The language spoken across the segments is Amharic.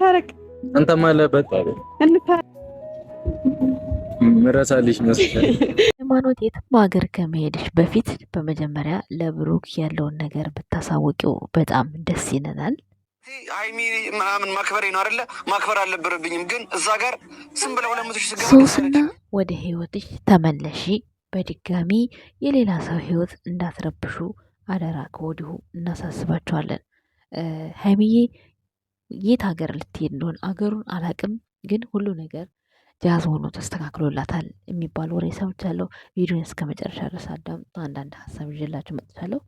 እንታረቅ። አንተማ ለበጣ ምረሳልሽ መስሎኝ። ሃይማኖት የትም ሀገር ከመሄድሽ በፊት በመጀመሪያ ለብሩክ ያለውን ነገር ብታሳወቂው በጣም ደስ ይለናል። ሀይሚ ምናምን ማክበሬ ነው አይደለ? ማክበር አልነበረብኝም፣ ግን እዛ ጋር ዝም ብለው ለምቶች ሶስና ወደ ህይወትሽ ተመለሺ። በድጋሚ የሌላ ሰው ህይወት እንዳትረብሹ አደራ ከወዲሁ እናሳስባቸዋለን። ሀይሚዬ የት ሀገር ልትሄድ እንደሆነ አገሩን አላቅም፣ ግን ሁሉ ነገር ጃዝ ሆኖ ተስተካክሎላታል የሚባል ወሬ ሰምቻለሁ። ቪዲዮን እስከ መጨረሻ ድረስ አዳምጡ። አንዳንድ ሀሳብ ይዤላችሁ መጥቻለሁ።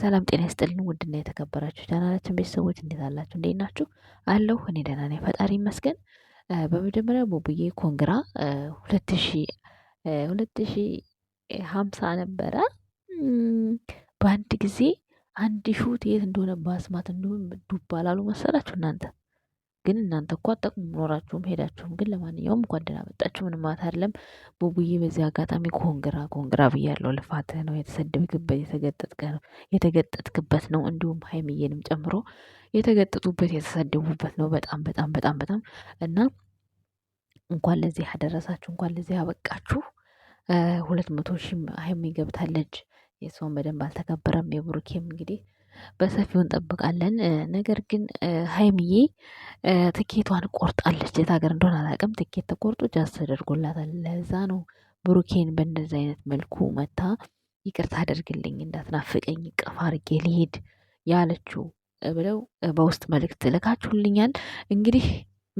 ሰላም ጤና ይስጥልን። ውድና የተከበራችሁ ቻናላችን ቤተሰቦች እንዴት አላችሁ? እንዴት ናችሁ? አለሁ እኔ ደህና ነኝ፣ ፈጣሪ ይመስገን። በመጀመሪያ ቡቡዬ ኮንግራ ሁለት ሺ ሁለት ሺ ሀምሳ ነበረ በአንድ ጊዜ አንድ ሹት የት እንደሆነ ባስማት እንደሆነ ዱብ አላሉ መሰላችሁ እናንተ። ግን እናንተ እኮ አጠቅሙ ኖራችሁም ሄዳችሁም። ግን ለማንኛውም እንኳን ደህና መጣችሁ። ምንም ማለት አይደለም። ቡቡዬ በዚህ አጋጣሚ ኮንግራ ኮንግራ ብያለሁ። ልፋትህ ነው የተሰደብክበት የተገጠጥክበት ነው። እንዲሁም ሀይምዬንም ጨምሮ የተገጠጡበት የተሰደቡበት ነው። በጣም በጣም በጣም በጣም እና እንኳን ለዚህ አደረሳችሁ፣ እንኳን ለዚህ አበቃችሁ። ሁለት መቶ ሺህ ሀይሚ ገብታለች። የሰውን በደንብ አልተከበረም። የብሩኬም እንግዲህ በሰፊው እንጠብቃለን። ነገር ግን ሀይምዬ ትኬቷን ቆርጣለች። የት ሀገር እንደሆነ አላውቅም። ትኬት ተቆርጦ ጃዝ ተደርጎላታል። ለዛ ነው ብሩኬን በእንደዚህ አይነት መልኩ መታ ይቅርታ አደርግልኝ እንዳትናፍቀኝ ቀፋ አድርጌ ሊሄድ ያለችው ብለው በውስጥ መልእክት ልካችሁልኛል። እንግዲህ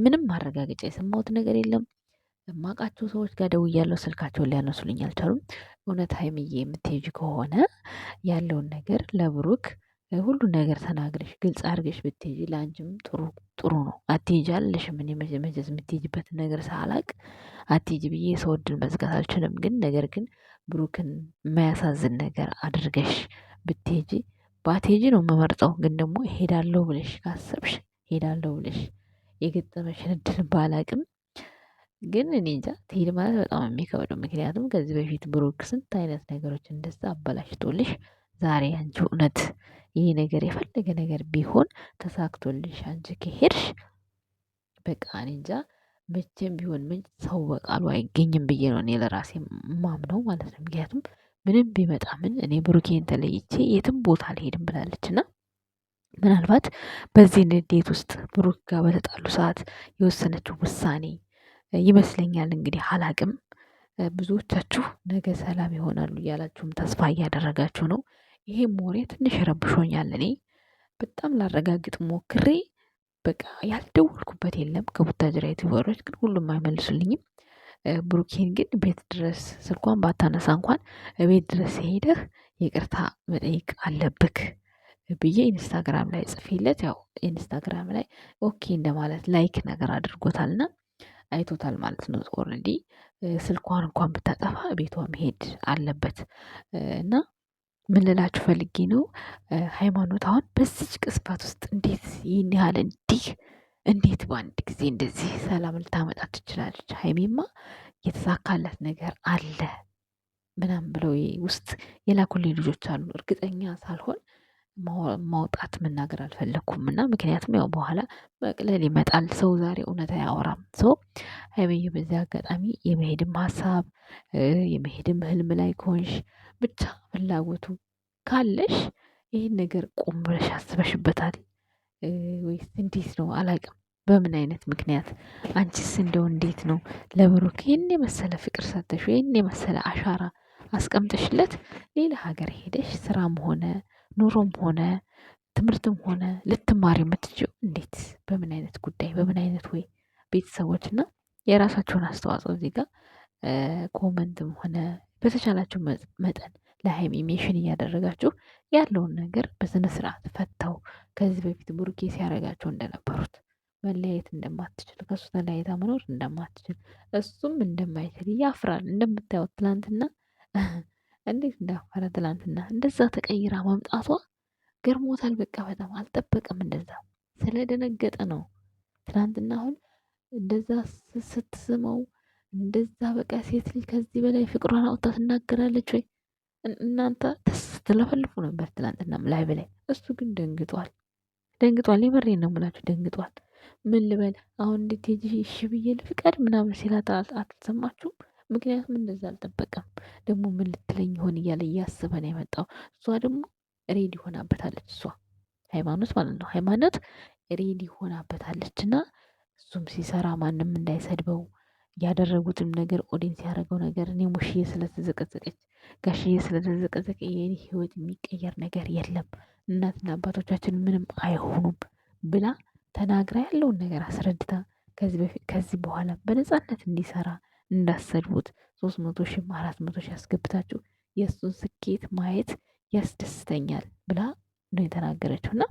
ምንም ማረጋገጫ የሰማሁት ነገር የለም። የማውቃቸው ሰዎች ጋር ደውያለሁ። ስልካቸውን ሊያነሱልኝ አልቻሉም። እውነት ሀይምዬ የምትሄጂ ከሆነ ያለውን ነገር ለብሩክ ሁሉ ነገር ተናግረሽ ግልጽ አድርገሽ ብትሄጂ ለአንቺም ጥሩ ጥሩ ነው። አትሄጂ አለሽም። እኔ መቼስ ነገር ሳላቅ አትሄጂ ብዬ ሰው እድል መዝጋት አልችልም። ግን ነገር ግን ብሩክን የማያሳዝን ነገር አድርገሽ ብትሄጂ ባትሄጂ ነው የምመርጠው። ግን ደግሞ ሄዳለሁ ብለሽ ካሰብሽ ሄዳለሁ ብለሽ የገጠመሽን እድል ባላቅም ግን እኔ እንጃ ትሄድ ማለት በጣም የሚከብደው ምክንያቱም ከዚህ በፊት ብሩክ ስንት አይነት ነገሮች እንደዛ አበላሽቶልሽ ዛሬ አንቺ እውነት ይህ ነገር የፈለገ ነገር ቢሆን ተሳክቶልሽ አንቺ ከሄድሽ በቃ እኔ እንጃ መቼም ቢሆን ምን ሰው በቃሉ አይገኝም ብዬ ነው እኔ ለራሴ ማምነው ማለት ነው። ምክንያቱም ምንም ቢመጣ ምን እኔ ብሩኬን ተለይቼ የትም ቦታ አልሄድም ብላለች እና ምናልባት በዚህ ንዴት ውስጥ ብሩክ ጋር በተጣሉ ሰዓት የወሰነችው ውሳኔ ይመስለኛል እንግዲህ አላቅም። ብዙዎቻችሁ ነገ ሰላም ይሆናሉ እያላችሁም ተስፋ እያደረጋችሁ ነው። ይሄም ወሬ ትንሽ ረብሾኛል እኔ በጣም ላረጋግጥ ሞክሬ በቃ ያልደወልኩበት የለም ከቡታጅራ ዩቲዩበሮች ግን ሁሉም አይመልሱልኝም። ብሩኬን ግን ቤት ድረስ ስልኳን ባታነሳ እንኳን ቤት ድረስ ሄደህ ይቅርታ መጠየቅ አለብክ። ብዬ ኢንስታግራም ላይ ጽፌለት ያው ኢንስታግራም ላይ ኦኬ እንደማለት ላይክ ነገር አድርጎታል አይቶታል ማለት ነው። ኦልሬዲ ስልኳን እንኳን ብታጠፋ ቤቷ መሄድ አለበት እና ምን ልላችሁ ፈልጌ ነው ሃይማኖት አሁን በዚች ቅስፋት ውስጥ እንዴት ይህን ያህል እንዲህ እንዴት በአንድ ጊዜ እንደዚህ ሰላም ልታመጣ ትችላለች? ሀይሜማ የተሳካለት ነገር አለ ምናምን ብለው ውስጥ የላኩልኝ ልጆች አሉ እርግጠኛ ሳልሆን ማውጣት መናገር አልፈለግኩም እና ምክንያቱም ያው በኋላ መቅለል ይመጣል። ሰው ዛሬ እውነት አያወራም። ሰው ሀይሚዬ በዚህ አጋጣሚ የመሄድም ሀሳብ የመሄድም ህልም ላይ ከሆንሽ ብቻ ፍላጎቱ ካለሽ ይህን ነገር ቆም ብለሽ አስበሽበታል ወይስ እንዴት ነው? አላቅም በምን አይነት ምክንያት አንቺስ እንደው እንዴት ነው ለብሩክ ይህን የመሰለ ፍቅር ሰተሽ ይህን የመሰለ አሻራ አስቀምጠሽለት ሌላ ሀገር ሄደሽ ስራም ሆነ ኑሮም ሆነ ትምህርትም ሆነ ልትማር የምትችው እንዴት በምን አይነት ጉዳይ በምን አይነት ወይ ቤተሰቦች እና የራሳቸውን አስተዋጽኦ እዚህ ጋር ኮመንትም ሆነ በተቻላቸው መጠን ለሀይሚ ሜሽን እያደረጋችሁ ያለውን ነገር በስነ ስርዓት ፈተው ከዚህ በፊት ቡርኬ ሲያደርጋቸው እንደነበሩት መለያየት እንደማትችል ከሱ ተለያይታ መኖር እንደማትችል እሱም እንደማይችል ያፍራል። እንደምታዩት ትናንትና እንዴት እንዳፈረ ትላንትና እንደዛ ተቀይራ መምጣቷ ገርሞታል። በቃ በጣም አልጠበቀም። እንደዛ ስለደነገጠ ነው። ትላንትና አሁን እንደዛ ስትስመው እንደዛ በቃ ሴት ልጅ ከዚህ በላይ ፍቅሯን አውጥታ ትናገራለች ወይ እናንተ ስትለፈልፉ ነበር ትላንትና ላይ በላይ። እሱ ግን ደንግጧል፣ ደንግጧል። የመሬ ነው የምላችሁ ደንግጧል። ምን ልበል አሁን እንዴት ሄጂ እሺ ብዬ ልፍቀድ ምናምን ሲላት አትሰማችሁም? ምክንያቱም እንደዛ አልጠበቀም። ደግሞ ምን ልትለኝ ይሆን እያለ እያስበ ነው የመጣው። እሷ ደግሞ ሬዲ ሆናበታለች። እሷ ሃይማኖት ማለት ነው። ሃይማኖት ሬዲ ሆናበታለች እና እሱም ሲሰራ ማንም እንዳይሰድበው ያደረጉትም ነገር ኦዲንስ ያደረገው ነገር እኔ ሙሽዬ ስለተዘቀዘቀች ጋሽዬ ስለተዘቀዘቀ የኔ ህይወት የሚቀየር ነገር የለም፣ እናትና አባቶቻችን ምንም አይሆኑም ብላ ተናግራ ያለውን ነገር አስረድታ ከዚህ በኋላ በነፃነት እንዲሰራ እንዳሰድቡት ሶስት መቶ ሺህም አራት መቶ ሺህ ያስገብታችሁ የእሱን ስኬት ማየት ያስደስተኛል ብላ ነው የተናገረችው። እና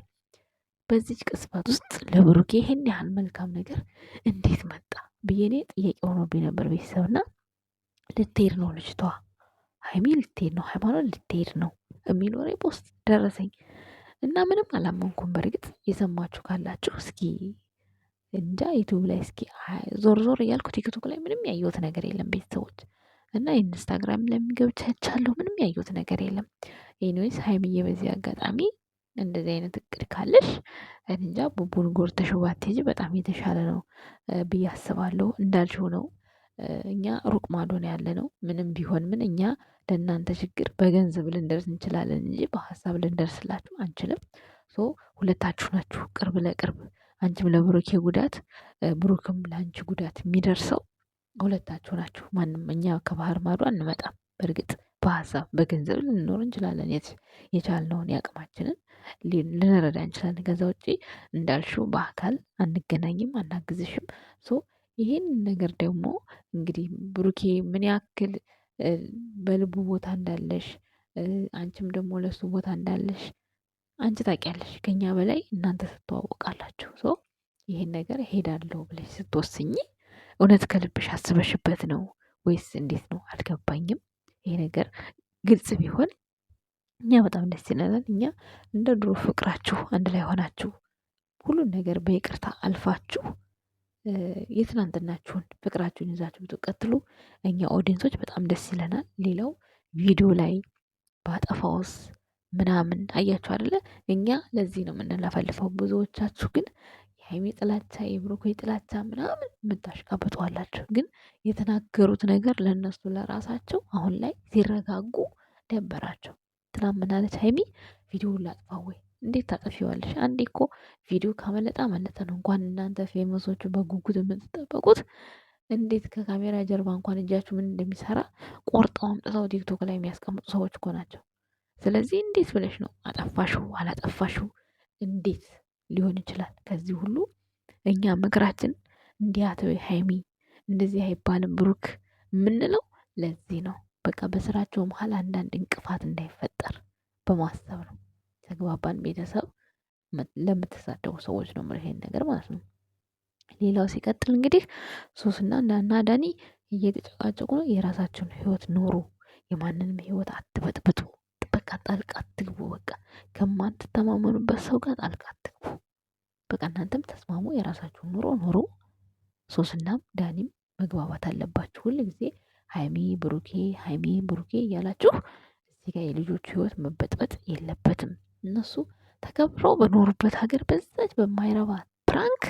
በዚች ቅስፋት ውስጥ ለብሩኬ ይህን ያህል መልካም ነገር እንዴት መጣ ብዬ እኔ ጥያቄ ሆኖብኝ ነበር። ቤተሰብ እና ልትሄድ ነው ልጅቷ ሀይሚ ልትሄድ ነው፣ ሃይማኖት ልትሄድ ነው የሚል ወሬ ፖስት ደረሰኝ እና ምንም አላመንኩም። በእርግጥ የሰማችሁ ካላችሁ እስኪ እንጃ ዩቲዩብ ላይ እስኪ ዞር ዞር እያልኩ ቲክቶክ ላይ ምንም ያየሁት ነገር የለም ቤተሰቦች እና ኢንስታግራም ላይም ምንም ያየሁት ነገር የለም። ኤኒዌይስ ሀይምዬ በዚህ አጋጣሚ እንደዚህ አይነት እቅድ ካለሽ እንጃ ቡቡን ጎርተሽ ባትሄጂ በጣም የተሻለ ነው ብዬ አስባለሁ። እንዳልሽው ነው እኛ ሩቅ ማዶ ነው ምንም ቢሆን ምን እኛ ለእናንተ ችግር በገንዘብ ልንደርስ እንችላለን እንጂ በሀሳብ ልንደርስላችሁ አንችልም። ሶ ሁለታችሁ ናችሁ ቅርብ ለቅርብ አንቺም ለብሩኬ ጉዳት ብሩክም ለአንቺ ጉዳት የሚደርሰው ሁለታችሁ ናችሁ። ማንም እኛ ከባህር ማዶ አንመጣም። በእርግጥ በሀሳብ በገንዘብ ልንኖር እንችላለን። የቻልነውን ያቅማችንን ልንረዳ እንችላለን። ከዛ ውጭ እንዳልሽው በአካል አንገናኝም፣ አናግዝሽም። ሶ ይህን ነገር ደግሞ እንግዲህ ብሩኬ ምን ያክል በልቡ ቦታ እንዳለሽ አንቺም ደግሞ ለሱ ቦታ እንዳለሽ አንቺ ታውቂያለሽ ከኛ በላይ እናንተ ስትዋወቃላችሁ። ሶ ይሄን ነገር ሄዳለሁ ብለሽ ስትወስኝ እውነት ከልብሽ አስበሽበት ነው ወይስ እንዴት ነው? አልገባኝም። ይሄ ነገር ግልጽ ቢሆን እኛ በጣም ደስ ይለናል። እኛ እንደ ድሮ ፍቅራችሁ አንድ ላይ ሆናችሁ ሁሉን ነገር በይቅርታ አልፋችሁ የትናንትናችሁን ፍቅራችሁን ይዛችሁ ብትቀጥሉ እኛ ኦዲየንሶች በጣም ደስ ይለናል። ሌላው ቪዲዮ ላይ በአጠፋውስ ምናምን አያችሁ አይደለ? እኛ ለዚህ ነው የምንለፈልፈው። ብዙዎቻችሁ ግን የሀይሚ ጥላቻ የብሩኬ ጥላቻ ምናምን የምታሽቃብጡ ግን የተናገሩት ነገር ለእነሱ ለራሳቸው አሁን ላይ ሲረጋጉ ደበራቸው። ትናንት ሀይሚ አለች ሀይሜ? ላጥፋ ወይ? እንዴት ታጠፊዋለሽ? አንዴ እኮ ቪዲዮ ካመለጣ መለጠ ነው። እንኳን እናንተ ፌመሶቹ በጉጉት የምትጠበቁት እንዴት ከካሜራ ጀርባ እንኳን እጃችሁ ምን እንደሚሰራ ቆርጠው አምጥተው ቲክቶክ ላይ የሚያስቀምጡ ሰዎች እኮ ናቸው። ስለዚህ እንዴት ብለሽ ነው አጠፋሹ አላጠፋሹ እንዴት ሊሆን ይችላል? ከዚህ ሁሉ እኛ ምክራችን እንዲያተወይ ሀይሚ እንደዚህ አይባልም ብሩክ የምንለው ለዚህ ነው። በቃ በስራቸው መሀል አንዳንድ እንቅፋት እንዳይፈጠር በማሰብ ነው። ተግባባን? ቤተሰብ ለምትሳደቡ ሰዎች ነው የምልህ ይሄን ነገር ማለት ነው። ሌላው ሲቀጥል እንግዲህ ሶስና እና ዳኒ እየተጨቃጨቁ ነው። የራሳቸውን ህይወት ኖሩ፣ የማንንም ህይወት አትበጥብጡ። በቃ ጣልቃ አትግቡ። በቃ ከማትተማመኑበት ሰው ጋር ጣልቃ አትግቡ። በቃ እናንተም ተስማሙ፣ የራሳችሁን ኑሮ ኑሮ። ሶስናም ዳኒም መግባባት አለባችሁ። ሁል ጊዜ ሀይሚ ብሩኬ፣ ሀይሚ ብሩኬ እያላችሁ እዚህ ጋር የልጆች ህይወት መበጥበጥ የለበትም። እነሱ ተከብረው በኖሩበት ሀገር በዛች በማይረባ ፕራንክ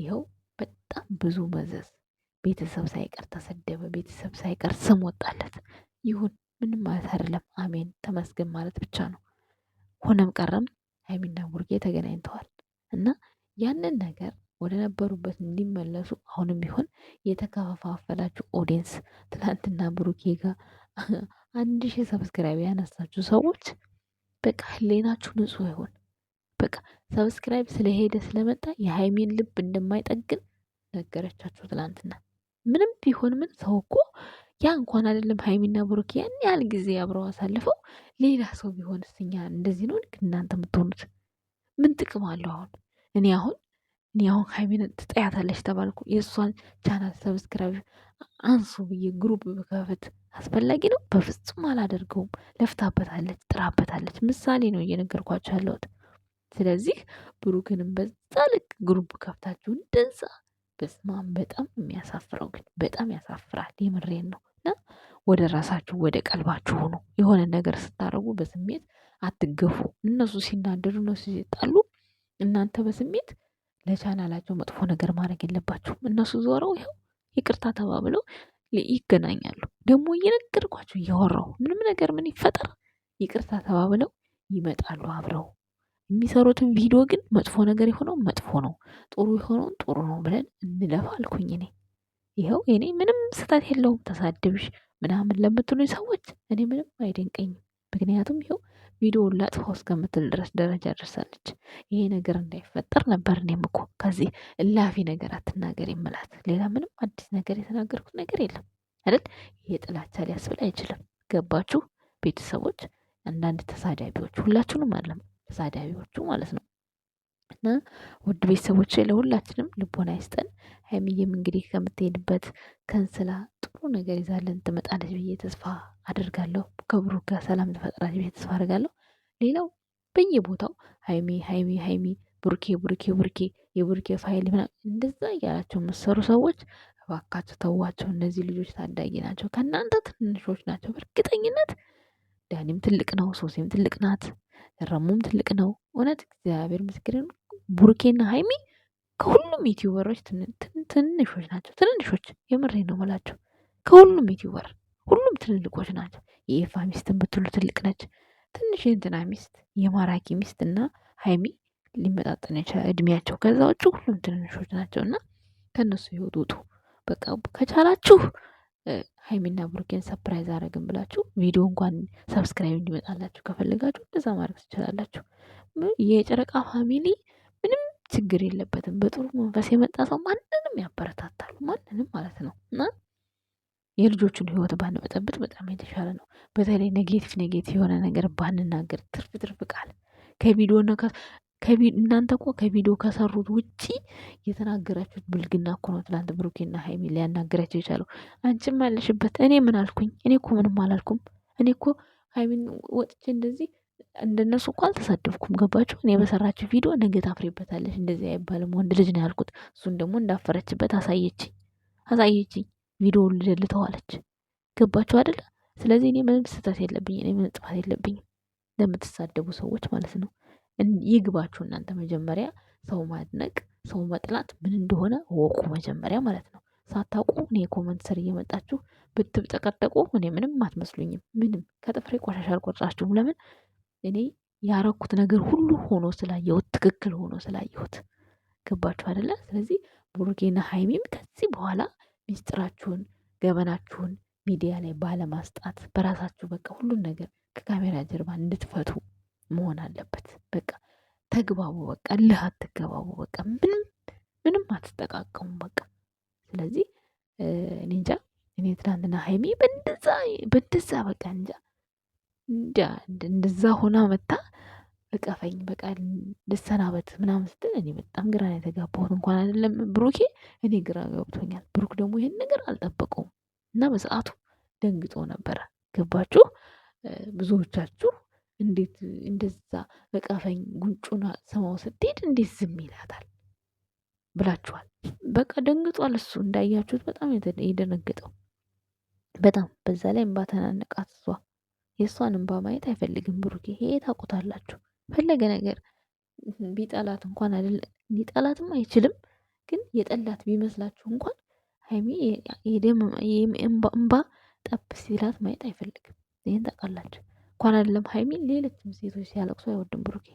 ይኸው በጣም ብዙ መዘዝ ቤተሰብ ሳይቀር ተሰደበ፣ ቤተሰብ ሳይቀር ስም ወጣለት ይሁን ምንም ማለት አይደለም። አሜን ተመስገን ማለት ብቻ ነው። ሆነም ቀረም ሀይሚና ቡርጌ ተገናኝተዋል እና ያንን ነገር ወደ ነበሩበት እንዲመለሱ አሁንም ቢሆን የተከፋፈላችሁ ኦዲየንስ፣ ትላንትና ብሩኬ ጋር አንድ ሺህ ሰብስክራይብ ያነሳችሁ ሰዎች በቃ ህሌናችሁ ንጹህ ይሆን። በቃ ሰብስክራይብ ስለሄደ ስለመጣ የሀይሚን ልብ እንደማይጠግን ነገረቻችሁ ትላንትና። ምንም ቢሆን ምን ሰው እኮ ያ እንኳን አይደለም ሀይሚና ብሩክ ያን ያህል ጊዜ አብረው አሳልፈው ሌላ ሰው ቢሆን እኛ እንደዚህ ነው ልክ እናንተ የምትሆኑት ምን ጥቅም አለው? አሁን እኔ አሁን እኔ አሁን ሃይሚን ትጠያታለች ተባልኩ የእሷን ቻናል ሰብስክራይብ አንሱ ብዬ ግሩፕ በከፈት አስፈላጊ ነው? በፍጹም አላደርገውም። ለፍታበታለች፣ ጥራበታለች። ምሳሌ ነው እየነገርኳቸው ያለሁት። ስለዚህ ብሩክንም በዛ ልክ ግሩፕ ከፍታችሁ እንደዛ በስማም በጣም የሚያሳፍረው ግን በጣም ያሳፍራል። የምሬን ነው። ወደ ራሳችሁ ወደ ቀልባችሁ ሆኖ የሆነ ነገር ስታደርጉ በስሜት አትገፉ። እነሱ ሲናደዱ እነሱ ሲጣሉ እናንተ በስሜት ለቻናላቸው መጥፎ ነገር ማድረግ የለባችሁም። እነሱ ዞረው ይኸው ይቅርታ ተባብለው ይገናኛሉ። ደግሞ እየነገርኳችሁ እያወራሁ ምንም ነገር ምን ይፈጠር ይቅርታ ተባብለው ይመጣሉ አብረው። የሚሰሩትን ቪዲዮ ግን መጥፎ ነገር የሆነው መጥፎ ነው፣ ጥሩ የሆነውን ጥሩ ነው ብለን እንለፋ አልኩኝ እኔ። ይኸው እኔ ምንም ስህተት የለውም ተሳድብሽ ምናምን ለምትሉኝ ሰዎች እኔ ምንም አይደንቀኝም። ምክንያቱም ይኸው ቪዲዮውን ላጥፋው እስከምትል ድረስ ደረጃ ደርሳለች። ይሄ ነገር እንዳይፈጠር ነበር እኔም እኮ ከዚህ እላፊ ነገር አትናገር የምላት። ሌላ ምንም አዲስ ነገር የተናገርኩት ነገር የለም አይደል? ይሄ ጥላቻ ሊያስብል አይችልም። ገባችሁ ቤተሰቦች? አንዳንድ ተሳዳቢዎች ሁላችሁንም አለም ተሳዳቢዎቹ ማለት ነው ውድ ቤተሰቦች ለሁላችንም ልቦና ይስጠን። ሀይሚዬም እንግዲህ ከምትሄድበት ከንስላ ጥሩ ነገር ይዛለን ትመጣለች ብዬ ተስፋ አደርጋለሁ። ከብሩ ጋር ሰላም ትፈጥራለች ብዬ ተስፋ አድርጋለሁ ሌላው በየቦታው ሀይሚ ሀይሚ ሀይሚ ቡርኬ ቡርኬ ቡርኬ የቡርኬ ፋይል ምናምን እንደዛ እያላቸው የምትሰሩ ሰዎች እባካቸው ተዋቸው። እነዚህ ልጆች ታዳጊ ናቸው፣ ከእናንተ ትንሾች ናቸው። በእርግጠኝነት ዳኒም ትልቅ ነው፣ ሶሴም ትልቅ ናት፣ ረሙም ትልቅ ነው። እውነት እግዚአብሔር ምስክርን ቡርኬና ሀይሚ ከሁሉም ዩቲዩበሮች ትንንሾች ናቸው። ትንንሾች የምሬ ነው የምላቸው ከሁሉም ዩቲዩበር ሁሉም ትልልቆች ናቸው። የኤፋ ሚስት ብትሉ ትልቅ ነች። ትንሽ የእንትና ሚስት የማራኪ ሚስት እና ሀይሚ ሊመጣጠን ይችላል እድሜያቸው። ከዛ ውጭ ሁሉም ትንንሾች ናቸው እና ከእነሱ ህይወት ውጡ። በቃ ከቻላችሁ ሀይሚና ብሩኬን ሰፕራይዝ አረግን ብላችሁ ቪዲዮ እንኳን ሰብስክራይብ እንዲመጣላችሁ ከፈልጋችሁ እንደዛ ማድረግ ትችላላችሁ። የጨረቃ ፋሚሊ ችግር የለበትም። በጥሩ መንፈስ የመጣ ሰው ማንንም ያበረታታሉ፣ ማንንም ማለት ነው። እና የልጆቹን ህይወት ባንበጠብጥ በጣም የተሻለ ነው። በተለይ ኔጌቲቭ ኔጌቲቭ የሆነ ነገር ባንናገር፣ ትርፍ ትርፍ ቃል ከቪዲዮ እናንተ እኮ ከቪዲዮ ከሰሩት ውጪ የተናገራችሁት ብልግና እኮ ነው። ትናንት ብሩኬና ሀይሚ ሊያናገራቸው የቻለው አንቺም ያለሽበት እኔ ምን አልኩኝ? እኔ እኮ ምንም አላልኩም። እኔ እኮ ሀይሚን ወጥቼ እንደዚህ እንደነሱ እኮ አልተሳደብኩም። ገባችሁ? እኔ በሰራችሁ ቪዲዮ ነገ ታፍሬበታለች። እንደዚህ አይባልም። ወንድ ልጅ ነው ያልኩት። እሱን ደግሞ እንዳፈረችበት አሳየችኝ አሳየችኝ። ቪዲዮ ልደልተዋለች ገባችሁ አደለ? ስለዚህ እኔ ምንም ስህተት የለብኝ፣ እኔ ምንም ጥፋት የለብኝም። ለምትሳደቡ ሰዎች ማለት ነው ይግባችሁ። እናንተ መጀመሪያ ሰው ማድነቅ፣ ሰው መጥላት ምን እንደሆነ ወቁ መጀመሪያ ማለት ነው። ሳታውቁ እኔ ኮመንት ስር እየመጣችሁ ብትብጠቀጠቁ እኔ ምንም አትመስሉኝም። ምንም ከጥፍሬ ቆሻሻ አልቆጥራችሁም። ለምን እኔ ያረኩት ነገር ሁሉ ሆኖ ስላየሁት ትክክል ሆኖ ስላየሁት ገባችሁ አይደለ? ስለዚህ ቡርጌና ሀይሚም ከዚህ በኋላ ሚስጥራችሁን ገበናችሁን ሚዲያ ላይ ባለማስጣት በራሳችሁ በቃ ሁሉን ነገር ከካሜራ ጀርባ እንድትፈቱ መሆን አለበት። በቃ ተግባቡ፣ በቃ ልህ አትገባቡ። በቃ ምንም ምንም አትጠቃቀሙ። በቃ ስለዚህ እኔ እንጃ እኔ ትናንትና ሀይሚ በንደዛ በንደዛ በቃ እንጃ እንደዛ ሆና መታ እቀፈኝ በቃ ልሰናበት ምናምን ስትል እኔ በጣም ግራ ነው የተጋባሁት። እንኳን አይደለም ብሩኬ፣ እኔ ግራ ገብቶኛል። ብሩክ ደግሞ ይሄን ነገር አልጠበቀውም እና በሰዓቱ ደንግጦ ነበረ። ገባችሁ? ብዙዎቻችሁ እንዴት እንደዛ እቀፈኝ ጉንጩን ስማው ስትሄድ እንዴት ዝም ይላታል ብላችኋል። በቃ ደንግጧል። እሱ እንዳያችሁት በጣም የደነገጠው በጣም በዛ ላይ እምባተናነቃት እሷ የእሷን እንባ ማየት አይፈልግም ብሩኬ። ይሄ ታውቁታላችሁ። ፈለገ ነገር ቢጠላት እንኳን አይደለ ሊጠላትም አይችልም፣ ግን የጠላት ቢመስላችሁ እንኳን ሀይሚ እንባ ጠብ ሲላት ማየት አይፈልግም። ይህን ታውቃላችሁ። እንኳን አይደለም ሀይሚ ሌሎችም ሴቶች ሲያለቅሱ አይወድም ብሩኬ።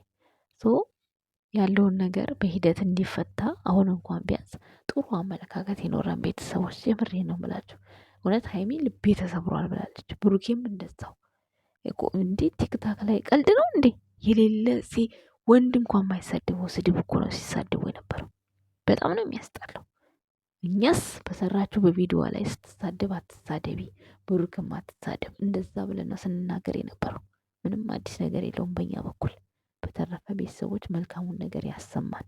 ያለውን ነገር በሂደት እንዲፈታ አሁን እንኳን ቢያንስ ጥሩ አመለካከት የኖረን ቤተሰቦች። የምሬ ነው ምላችሁ። እውነት ሀይሚ ልቤ ተሰብሯል ብላለች፣ ብሩኬም እንደዛው እንዴ ቲክታክ ላይ ቀልድ ነው እንዴ? የሌለ ሴ ወንድ እንኳን የማይሳደበው ስድብ እኮ ነው ሲሳደቡ የነበረው። በጣም ነው የሚያስጠላው። እኛስ በሰራችሁ በቪዲዮዋ ላይ ስትሳደብ አትሳደቢ፣ ብሩክም አትሳደብ እንደዛ ብለና ስንናገር የነበረው ምንም አዲስ ነገር የለውም በእኛ በኩል። በተረፈ ቤተሰቦች መልካሙን ነገር ያሰማን።